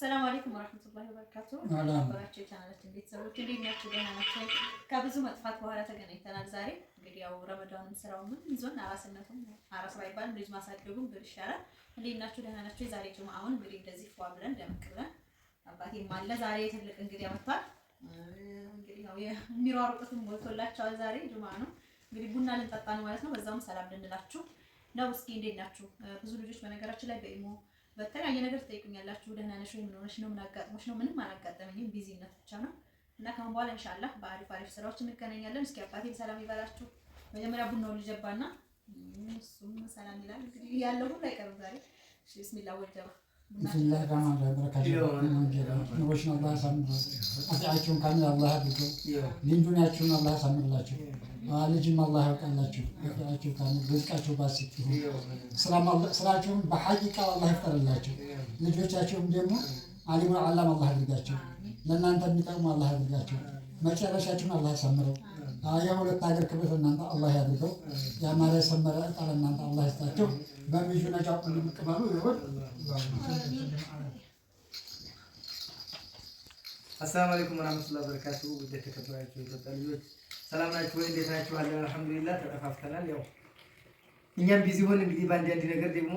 ሰላም አለይኩም ወረህመቱላሂ ወበረካቱ። ራቸው የቻናላችን ቤተሰቦች እንዴት ናቸው? ደህና ናቸው? ከብዙ መጥፋት በኋላ ተገናኝተናል። ዛሬ እንግዲህ ያው ረመዳንም ስራው ምን ይዞን አራስነቱም አራስ ባይባልም ልጅ ማሳደጉም ብር ይሻላል። እንዴት ናቸው? ደህና ናቸው? የዛሬ ጅምዓውን እንግዲህ እንደዚህ ፏ ብለን ደምቅ ብለን አባቴም አለ ዛሬ ትልቅ እንግዲህ አመቷል። እንግዲህ ያው የሚሯሩጡትም ሞልቶላቸዋል። ዛሬ ጅምዓ ነው እንግዲህ ቡና ልንጠጣ ነው ማለት ነው። በዛውም ሰላም ልንላችሁ ነው። እስኪ እንዴት ናችሁ? ብዙ ልጆች በነገራችን ላይ በኢሞ በተለያየ ነገር ትጠይቁኛላችሁ። ደህና ነሽ ወይ? ምን ሆነሽ ነው? ምን አጋጥሞሽ ነው? ምንም አላጋጠመኝም። ቢዚነት ብቻ ነው እና ከአሁን በኋላ ኢንሻአላህ በአሪፍ አሪፍ ስራዎች እንገናኛለን። እስኪ አባቴን ሰላም ይበላችሁ። መጀመሪያ ቡናውን ልጀባና እሱም ሰላም ይላል። እንግዲህ ያለው ሁሉ አይቀርም ዛሬ። እሺ ቢስሚላህ ወጀባ ፍለጋ ማለት በረካቸውን ኑሮች አላህ ያሳምርላቸው። ኃጢአታቸውን ካሚል አላህ አድርገው ልንዱንያቸውን አላህ ያሳምርላቸው። ልጅም አላህ ያውቃላቸው። ኃጢአታቸው ካሚል ርዝቃቸው ባሲት ይሁን። ስራቸውን በሐቂቃ አላህ ይፍጠርላቸው። ልጆቻቸውም ደግሞ አሊሙን አላም አላህ አድርጋቸው። ለእናንተ የሚጠቅሙ አላህ አድርጋቸው። መጨረሻቸውን አላህ ያሳምረው። ሀያ ሁለት ሀገር ክብር እናንተ አላህ ያድርገው። ያማረ ሰመረ እጣ ለእናንተ አላህ ይስጣቸው። በሚሹ ነጫቁ እንድምቅበሉ ይሁን። አሰላሙ አለይኩም ወራህመቱላሂ ወበረካቱ። ውድ የተከበራችሁ የኢትዮጵያ ልጆች ሰላም ናችሁ ወይ? እንዴት ናችሁ? አለን አልሐምዱሊላህ። ተጠፋፍተናል። ያው እኛም ቢዚ ሆን እንግዲህ በአንድ አንድ ነገር ደግሞ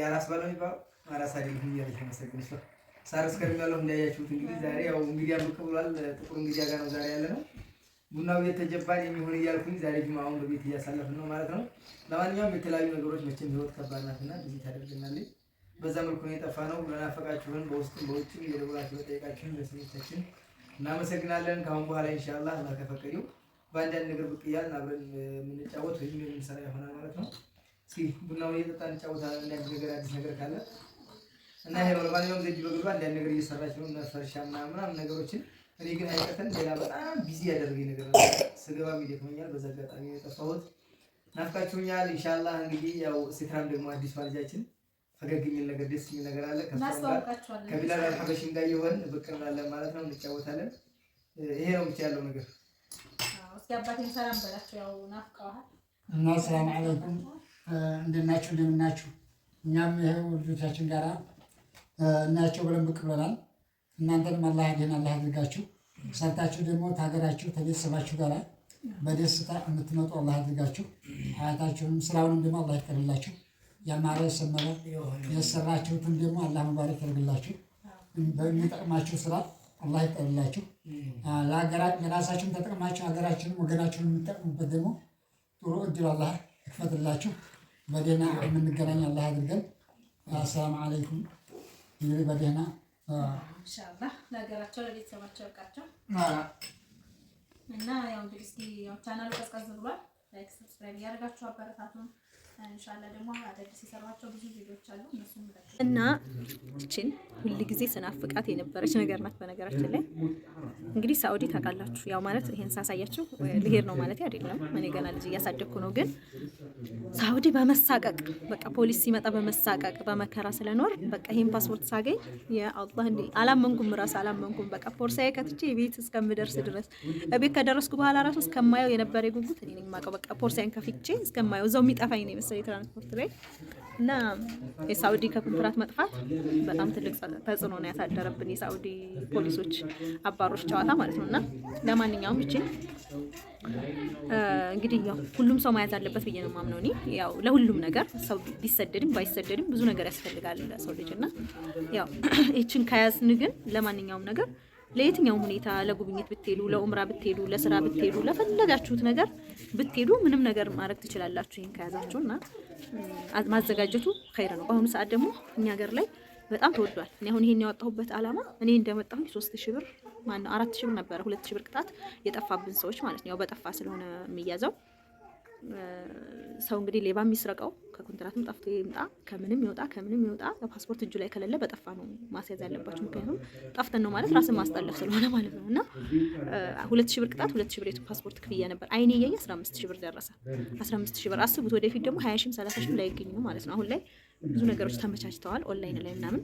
የአራስ ባለ የሚባለው አራስ አይደለሁም እያለች መሰግን ስለ ሳረስ ከርም ያለሁ እንዳያችሁት እንግዲህ ዛሬ ያው እንግዲህ ብቅ ብሏል። ጥቁር እንግዲህ ጋር ነው ዛሬ ያለ ነው ቡናው ቤት ተጀባን የሚሆን እያልኩኝ ዛሬ አሁን በቤት እያሳለፍን ነው ማለት ነው። ለማንኛውም የተለያዩ ነገሮች መቼም ህይወት ከባድ ናትና ብዙ ታደርገናለች። በዛ መልኩ ነው የጠፋ ነው። ለናፈቃችሁን በውስጥም በውጭም እየደወላችሁ በጠየቃችሁን ለስሜታችን እናመሰግናለን። ከአሁን በኋላ ኢንሻላ አላህ ከፈቀደው በአንዳንድ ነገር ብቅ እያልን አብረን የምንጫወት ወይም የምንሰራ ይሆናል ማለት ነው። እስኪ ቡናውን እየጠጣ እንጫወታለን። አንዳንድ ነገር አዲስ ነገር ካለ እና ይሄ ነው። ለማንኛውም ዘጅ በግሏ አንዳንድ ነገር እየሰራች ነው። ፈርሻ ምናምን ነገሮችን እኔ ግን አይቀተን ሌላ በጣም ቢዚ ያደረገኝ ነገር ስገባ ይደክመኛል። በዛ አጋጣሚ የጠፋሁት ናፍቃችሁኛል። ኢንሻላህ እንግዲህ ያው ሴትራም ደግሞ አዲሷ ልጃችን ፈገግ የሚል ነገር ደስ የሚል ነገር አለ። ከቢላል አልሐበሽም ጋር የሆን ብቅ እንላለን ማለት ነው፣ እንጫወታለን። ይሄ ነው ብቻ ያለው ነገር። እስኪ አባቴን ሰላም በላቸው፣ ያው ናፍቀዋል እና ሰላም አለይኩም እንደምን ናችሁ? እኛም ይኸው ልጆቻችን ጋራ እናያቸው ብለን ብቅ ብለናል። እናንተን አላህ ደህና አላህ አድርጋችሁ ሰርታችሁ ደግሞ ከሀገራችሁ ከቤተሰባችሁ ጋር በደስታ የምትመጡ አላህ አድርጋችሁ ሀያታችሁንም ስራውንም ደግሞ አላህ ይቀርላችሁ። ያማረ የሰመረ የሰራችሁትም ደግሞ አላህ ሙባረክ ያደርግላችሁ። በሚጠቅማችሁ ስራ አላህ ይቀርላችሁ። ለራሳችሁን ተጠቅማችሁ ሀገራችሁንም ወገናችሁን የምትጠቅሙበት ደግሞ ጥሩ እድል አላህ ይክፈትላችሁ። በደህና የምንገናኝ አላህ አድርገን። አሰላሙ አለይኩም ይህ በደህና ኢንሻላህ ለሀገራቸው ለቤተሰባቸው ያብቃቸው እና ያው እንግዲህ እስኪ ያው ቻናሉ ቀዝቀዝ ብሏል። ላይክ ሰብስክራይብ እያደረጋችሁ አበረታቱን። እና እችን ሁል ጊዜ ስናፍቃት የነበረች ነገር ናት። በነገራችን ላይ እንግዲህ ሳኡዲ ታውቃላችሁ፣ ያው ማለት ይሄን ሳሳያችሁ ልሄድ ነው ማለት አይደለም። እኔ ገና ልጅ እያሳደግኩ ነው። ግን ሳኡዲ በመሳቀቅ በቃ ፖሊስ ሲመጣ በመሳቀቅ በመከራ ስለኖር በቃ ይሄን ፓስፖርት ሳገኝ የአላህ እንዲ አላመንኩም፣ ራስ አላመንኩም። በቃ ፖርሳዬ ከትቼ ቤት እስከምደርስ ድረስ ቤት ከደረስኩ በኋላ ራሱ እስከማየው የነበረ ጉጉት እኔ ነኝ በቃ ፖርሳዬን ከፍቼ እስከማየው እዛው የሚጠፋኝ ነው መሰለኝ ትራንስፖርት ላይ እና የሳኡዲ ከኮንትራት መጥፋት በጣም ትልቅ ተጽዕኖ ነው ያሳደረብን የሳውዲ ፖሊሶች አባሮች ጨዋታ ማለት ነው። እና ለማንኛውም እችን እንግዲህ ያው ሁሉም ሰው መያዝ አለበት ብዬ ነው የማምነው። እኔ ያው ለሁሉም ነገር ሰው ቢሰደድም ባይሰደድም ብዙ ነገር ያስፈልጋል ሰው ልጅ እና ያው ይችን ከያዝን ግን ለማንኛውም ነገር ለየትኛውም ሁኔታ ለጉብኝት ብትሄዱ፣ ለኡምራ ብትሄዱ፣ ለስራ ብትሄዱ፣ ለፈለጋችሁት ነገር ብትሄዱ ምንም ነገር ማድረግ ትችላላችሁ። ይህን ከያዛችሁ እና ማዘጋጀቱ ኸይር ነው። በአሁኑ ሰዓት ደግሞ እኛ ሀገር ላይ በጣም ተወዷል። እኔ አሁን ይሄን ያወጣሁበት አላማ እኔ እንደመጣሁ ሶስት ብር ማነው አራት ብር ነበረ ሁለት ብር ቅጣት የጠፋብን ሰዎች ማለት ነው። ያው በጠፋ ስለሆነ የሚያዘው ሰው እንግዲህ ሌባ የሚስረቀው ከኮንትራትም ጠፍቶ ይምጣ ከምንም ይወጣ ከምንም ይወጣ ከፓስፖርት እጁ ላይ ከሌለ በጠፋ ነው ማስያዝ ያለባቸው። ምክንያቱም ጠፍተን ነው ማለት ራስን ማስጠለፍ ስለሆነ ማለት ነው። እና ሁለት ሺህ ብር ቅጣት፣ ሁለት ሺህ ብር የፓስፖርት ክፍያ ነበር። አይኔ እያየ አስራ አምስት ሺህ ብር ደረሰ። አስራ አምስት ሺህ ብር አስቡት። ወደፊት ደግሞ ሀያ ሺም ሰላሳ ሺም ላይገኝ ነው ማለት ነው። አሁን ላይ ብዙ ነገሮች ተመቻችተዋል። ኦንላይን ላይ ምናምን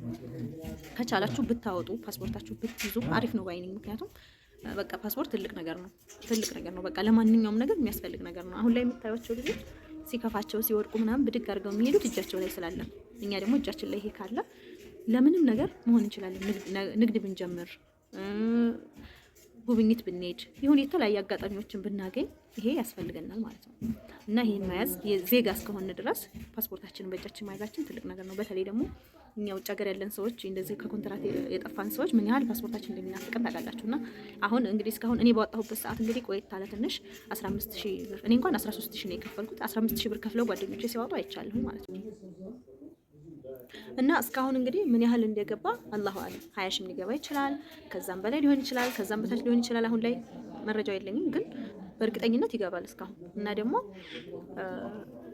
ከቻላችሁ ብታወጡ ፓስፖርታችሁ ብትይዙ አሪፍ ነው ባይኒ ምክንያቱም በቃ ፓስፖርት ትልቅ ነገር ነው፣ ትልቅ ነገር ነው። በቃ ለማንኛውም ነገር የሚያስፈልግ ነገር ነው። አሁን ላይ የምታዩቸው ልጆች ሲከፋቸው ሲወድቁ ምናምን ብድግ አድርገው የሚሄዱት እጃቸው ላይ ስላለ፣ እኛ ደግሞ እጃችን ላይ ይሄ ካለ ለምንም ነገር መሆን እንችላለን። ንግድ ብንጀምር፣ ጉብኝት ብንሄድ፣ ይሁን የተለያዩ አጋጣሚዎችን ብናገኝ ይሄ ያስፈልገናል ማለት ነው እና ይህን መያዝ ዜጋ እስከሆነ ድረስ ፓስፖርታችንን በእጃችን መያዛችን ትልቅ ነገር ነው። በተለይ ደግሞ እኛ ውጭ ሀገር ያለን ሰዎች እንደዚህ ከኮንትራት የጠፋን ሰዎች ምን ያህል ፓስፖርታችን እንደሚናፍቀን ታውቃላችሁ። እና አሁን እንግዲህ እስካሁን እኔ በወጣሁበት ሰዓት እንግዲህ ቆየት አለ ትንሽ 15 ሺህ ብር እኔ እንኳን 13 ሺህ ነው የከፈልኩት። 15 ሺህ ብር ከፍለው ጓደኞቼ ሲያወጡ አይቻለሁ ማለት ነው። እና እስካሁን እንግዲህ ምን ያህል እንደገባ አላሁ አለም። ሀያ ሺህም ሊገባ ይችላል፣ ከዛም በላይ ሊሆን ይችላል፣ ከዛም በታች ሊሆን ይችላል። አሁን ላይ መረጃው የለኝም ግን በእርግጠኝነት ይገባል እስካሁን እና ደግሞ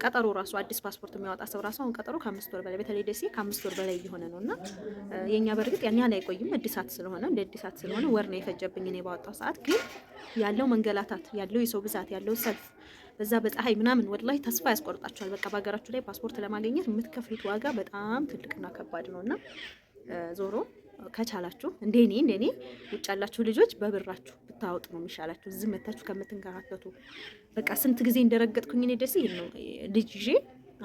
ቀጠሮ ራሱ አዲስ ፓስፖርት የሚያወጣ ሰው ራሱ አሁን ቀጠሮ ከአምስት ወር በላይ በተለይ ደሴ ከአምስት ወር በላይ እየሆነ ነው እና የእኛ በእርግጥ ያን ያህል አይቆይም። እድሳት ስለሆነ እንደ እድሳት ስለሆነ ወር ነው የፈጀብኝ እኔ ባወጣው ሰዓት። ግን ያለው መንገላታት፣ ያለው የሰው ብዛት፣ ያለው ሰልፍ በዛ በፀሐይ ምናምን ወላሂ ተስፋ ያስቆርጣቸዋል በቃ በሀገራችሁ ላይ ፓስፖርት ለማግኘት የምትከፍሉት ዋጋ በጣም ትልቅና ከባድ ነው እና ዞሮ ከቻላችሁ እንደ እኔ እንደ እኔ ውጭ ያላችሁ ልጆች በብራችሁ ብታወጡ ነው የሚሻላችሁ። እዚህ መታችሁ ከምትንከራተቱ በቃ ስንት ጊዜ እንደረገጥኩኝ እኔ ደስ ይል ነው ልጅ ይዤ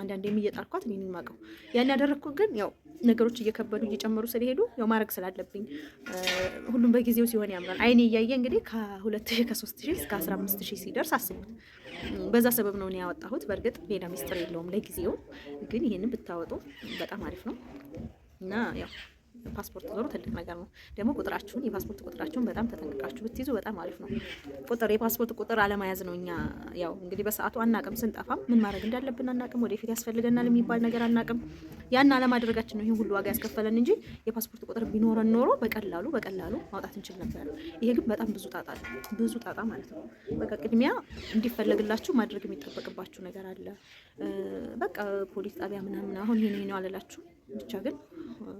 አንዳንድ የሚየጣልኳት እኔ ማቀው ያን ያደረግኩ ግን ያው ነገሮች እየከበዱ እየጨመሩ ስለሄዱ ያው ማድረግ ስላለብኝ ሁሉም በጊዜው ሲሆን ያምራል። አይኔ እያየ እንግዲህ ከሁለት ሺህ ከሶስት ሺህ እስከ አስራ አምስት ሺህ ሲደርስ አስቡት። በዛ ሰበብ ነው እኔ ያወጣሁት። በእርግጥ ሌላ ሚስጥር የለውም። ለጊዜው ግን ይህንን ብታወጡ በጣም አሪፍ ነው እና ያው ፓስፖርት ዞሮ ትልቅ ነገር ነው። ደግሞ ቁጥራችሁን የፓስፖርት ቁጥራችሁን በጣም ተጠንቅቃችሁ ብትይዙ በጣም አሪፍ ነው። ቁጥር የፓስፖርት ቁጥር አለመያዝ ነው። እኛ ያው እንግዲህ በሰዓቱ አናቅም፣ ስንጠፋም ምን ማድረግ እንዳለብን አናቅም፣ ወደፊት ያስፈልገናል የሚባል ነገር አናቅም። ያን አለማድረጋችን ነው ይህ ሁሉ ዋጋ ያስከፈለን እንጂ የፓስፖርት ቁጥር ቢኖረን ኖሮ በቀላሉ በቀላሉ ማውጣት እንችል ነበር። ይሄ ግን በጣም ብዙ ጣጣ ብዙ ጣጣ ማለት ነው። በቃ ቅድሚያ እንዲፈለግላችሁ ማድረግ የሚጠበቅባችሁ ነገር አለ። በቃ ፖሊስ ጣቢያ ምናምን አሁን ይሄን ይሄ ነው አለላችሁ ብቻ ግን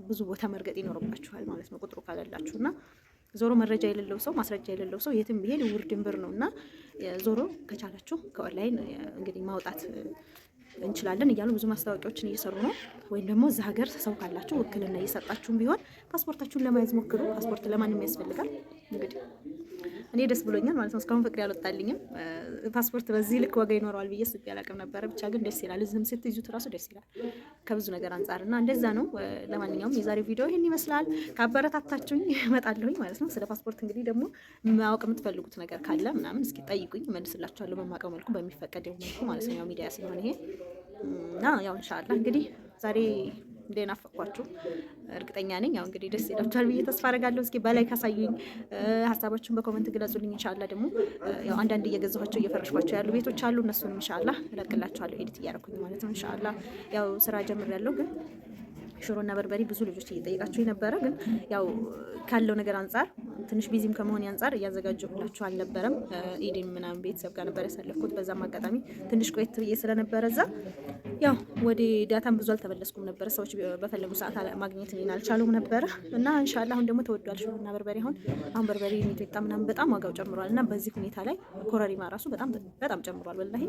ብዙ ቦታ መርገጥ ይኖርባችኋል ማለት ነው ቁጥሩ ካለላችሁ እና ዞሮ መረጃ የሌለው ሰው ማስረጃ የሌለው ሰው የትም ቢሄድ ውር ድንብር ነው እና ዞሮ ከቻላችሁ ከኦንላይን እንግዲህ ማውጣት እንችላለን እያሉ ብዙ ማስታወቂያዎችን እየሰሩ ነው። ወይም ደግሞ እዚ ሀገር ሰው ካላችሁ ውክልና እየሰጣችሁም ቢሆን ፓስፖርታችሁን ለመያዝ ሞክሩ። ፓስፖርት ለማንም ያስፈልጋል እንግዲህ እኔ ደስ ብሎኛል ማለት ነው። እስካሁን ፍቅሬ አልወጣልኝም። ፓስፖርት በዚህ ልክ ወገ ይኖረዋል ብዬ ስቤ ያላቅም ነበረ። ብቻ ግን ደስ ይላል። እዚህም ስትይዙት እራሱ ደስ ይላል ከብዙ ነገር አንጻር እና እንደዛ ነው። ለማንኛውም የዛሬ ቪዲዮ ይህን ይመስላል። ከአበረታታችሁኝ እመጣለሁኝ ማለት ነው። ስለ ፓስፖርት እንግዲህ ደግሞ ማወቅ የምትፈልጉት ነገር ካለ ምናምን እስኪ ጠይቁኝ፣ መልስላችኋለሁ በማውቀው መልኩ በሚፈቀደው መልኩ ማለት ነው። ያው ሚዲያ ስለሆነ ይሄ እና ያው እንሻላ እንግዲህ ዛሬ እንደናፈቅኳችሁ እርግጠኛ ነኝ። ያው እንግዲህ ደስ ይላችኋል ብዬ ተስፋ አደርጋለሁ። እስኪ በላይ ካሳዩኝ ሀሳባችሁን በኮመንት ግለጹልኝ። እንሻላ ደግሞ ያው አንዳንድ እየገዛኋቸው እየፈረሽኳቸው ያሉ ቤቶች አሉ። እነሱን እንሻላ እለቅላችኋለሁ ኤዲት እያደረኩኝ ማለት ነው። እንሻላ ያው ስራ ጀምሬያለሁ ግን ሽሮና በርበሬ ብዙ ልጆች እየጠየቃችሁ ነበረ። ግን ያው ካለው ነገር አንጻር ትንሽ ቢዚም ከመሆን አንጻር እያዘጋጀሁላችሁ አልነበረም። ኢዴም ምናምን ቤተሰብ ጋር ነበር ያሳለፍኩት። በዛም አጋጣሚ ትንሽ ቆየት ብዬ ስለነበረ እዛ ያው ወደ ዳታም ብዙ አልተመለስኩም ነበረ። ሰዎች በፈለጉ ሰዓት ማግኘት እኔን አልቻሉም ነበረ እና እንሻላ አሁን ደግሞ ተወዷል ሽሮና በርበሬ። አሁን አሁን በርበሬ የሚጠጣ ምናምን በጣም ዋጋው ጨምሯል እና በዚህ ሁኔታ ላይ ኮረሪማ ራሱ በጣም በጣም ጨምሯል። ወላሂ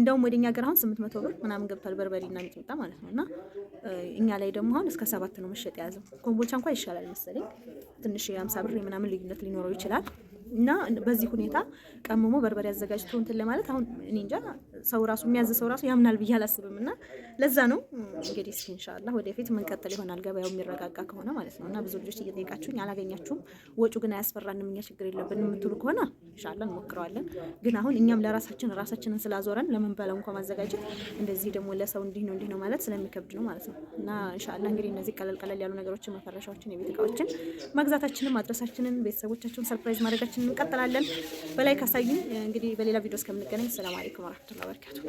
እንደውም ወደኛ ሀገር አሁን ስምንት መቶ ብር ምናምን ገብቷል በርበሬና ሚጥሚጣ ማለት ነው እና እኛ ላይ ደግሞ አሁን እስከ ሰባት ነው መሸጥ የያዘው። ኮምቦልቻ እንኳን ይሻላል መሰለኝ ትንሽ የአምሳ ብር ምናምን ልዩነት ሊኖረው ይችላል። እና በዚህ ሁኔታ ቀምሞ በርበሬ አዘጋጅቶ እንትን ለማለት አሁን እኔ እንጃ ሰው ራሱ የሚያዝ ሰው ራሱ ያምናል ብዬ አላስብም። እና ለዛ ነው እንግዲህ እስኪ ኢንሻላህ ወደፊት መንቀጠል ይሆናል ገበያው የሚረጋጋ ከሆነ ማለት ነው። እና ብዙ ልጆች እየጠየቃችሁኝ አላገኛችሁም፣ ወጩ ግን አያስፈራንም፣ እኛ ችግር የለብን የምትሉ ከሆነ ኢንሻላህ እንሞክረዋለን። ግን አሁን እኛም ለራሳችን ራሳችንን ስላዞረን ለምንበላው እንኳ ማዘጋጀት እንደዚህ ደግሞ ለሰው እንዲህ ነው እንዲህ ነው ማለት ስለሚከብድ ነው ማለት ነው። እና ኢንሻላህ እንግዲህ እነዚህ ቀለል ቀለል ያሉ ነገሮችን መፈረሻዎችን፣ የቤት እቃዎችን መግዛታችንን፣ ማድረሳችንን፣ ቤተሰቦቻቸውን ሰርፕራይዝ ማድረጋችን ቆይታችን እንቀጥላለን። በላይ ካሳዩኝ እንግዲህ በሌላ ቪዲዮ እስከምንገናኝ ሰላም አለይኩም ወራህመቱላሂ ወበረካቱ።